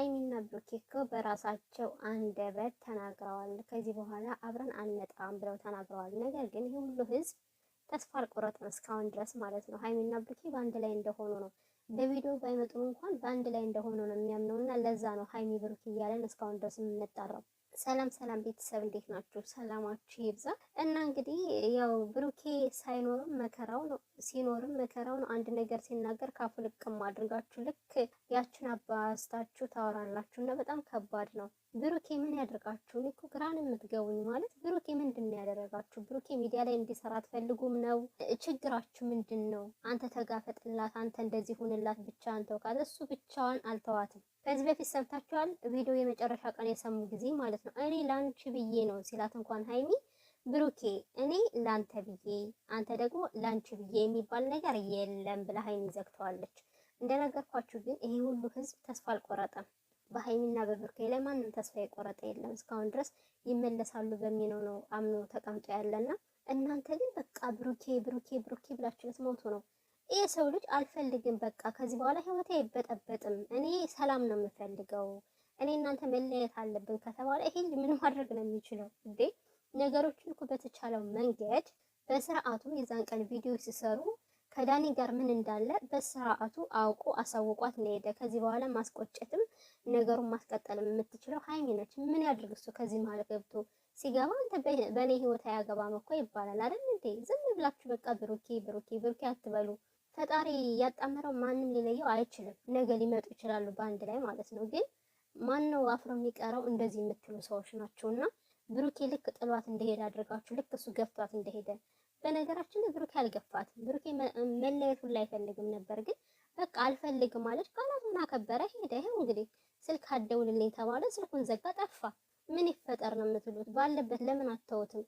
ሀይሚና ብሩኬ እኮ በራሳቸው አንደበት ተናግረዋል። ከዚህ በኋላ አብረን አንመጣም ብለው ተናግረዋል። ነገር ግን ይህ ሁሉ ህዝብ ተስፋ አልቆረጥም እስካሁን ድረስ ማለት ነው። ሀይሚና ብሩኬ በአንድ ላይ እንደሆኑ ነው፣ በቪዲዮ ባይመጡም እንኳን በአንድ ላይ እንደሆኑ ነው የሚያምነው እና ለዛ ነው ሀይሚ ብሩኬ እያለን እስካሁን ድረስ የምንጠራው። ሰላም ሰላም ቤተሰብ እንዴት ናችሁ? ሰላማችሁ ይብዛ። እና እንግዲህ ያው ብሩኬ ሳይኖርም መከራው ነው፣ ሲኖርም መከራው ነው። አንድ ነገር ሲናገር ካፉ ልቅም አድርጋችሁ ልክ ያችን አባስታችሁ ታወራላችሁ እና በጣም ከባድ ነው። ብሩኬ ምን ያደርጋችሁ? እኔ እኮ ግራን የምትገቡኝ ማለት ብሩኬ ምንድን ነው ያደረጋችሁ? ብሩኬ ሚዲያ ላይ እንዲሰራ አትፈልጉም ነው ችግራችሁ? ምንድን ነው? አንተ ተጋፈጥላት፣ አንተ እንደዚህ ሁንላት፣ ብቻ አንተው እሱ ብቻዋን አልተዋትም። ከዚህ በፊት ሰምታችኋል፣ ቪዲዮ የመጨረሻ ቀን የሰሙ ጊዜ ማለት ነው። እኔ ላንቺ ብዬ ነው ሲላት እንኳን ሀይሚ ብሩኬ እኔ ላንተ ብዬ አንተ ደግሞ ላንቺ ብዬ የሚባል ነገር የለም ብላ ሀይሚ ዘግተዋለች። እንደነገርኳችሁ ግን ይሄ ሁሉ ህዝብ ተስፋ አልቆረጠም። በሀይሚና በብሩኬ ላይ ማንም ተስፋ የቆረጠ የለም። እስካሁን ድረስ ይመለሳሉ በሚለው ነው አምኖ ተቀምጦ ያለና እናንተ ግን በቃ ብሩኬ ብሩኬ ብሩኬ ብላችሁ ልትሞቱ ነው። ይህ ሰው ልጅ አልፈልግም፣ በቃ ከዚህ በኋላ ህይወቴ አይበጠበጥም፣ እኔ ሰላም ነው የምፈልገው፣ እኔ እናንተ መለየት አለብን ከተባለ ይሄ ምን ማድረግ ነው የሚችለው እንዴ? ነገሮችን እኮ በተቻለው መንገድ በስርዓቱ የዛን ቀን ቪዲዮ ሲሰሩ ከዳኒ ጋር ምን እንዳለ በስርዓቱ አውቆ አሳውቋት ለሄደ ከዚህ በኋላ ማስቆጨትም ነገሩን ማስቀጠልም የምትችለው ሀይሚ ነች። ምን ያድርግ እሱ ከዚህ መሀል ገብቶ ሲገባ አንተ በእኔ ህይወት አያገባም እኮ ይባላል አይደል እንዴ? ዝም ብላችሁ በቃ ብሩኬ ብሩኬ ብሩኬ አትበሉ። ፈጣሪ ያጣመረው ማንም ሊለየው አይችልም። ነገ ሊመጡ ይችላሉ በአንድ ላይ ማለት ነው። ግን ነው አፍሮ የሚቀረው? እንደዚህ የምትሉ ሰዎች ናቸው። እና ብሩኬ ልክ ጥሏት እንደሄደ አድርጋችሁ ልክ እሱ ገፍቷት እንደሄደ በነገራችን ላይ ብሩኬ አልገፋትም። ብሩኬ መለየቱን ላይፈልግም ነበር፣ ግን በቃ አልፈልግም አለች። ቃላቱን አከበረ፣ ሄደ። ይሄው እንግዲህ ስልክ አደውልልኝ ተባለ፣ ስልኩን ዘጋ፣ ጠፋ። ምን ይፈጠር ነው የምትሉት? ባለበት ለምን አተውትም?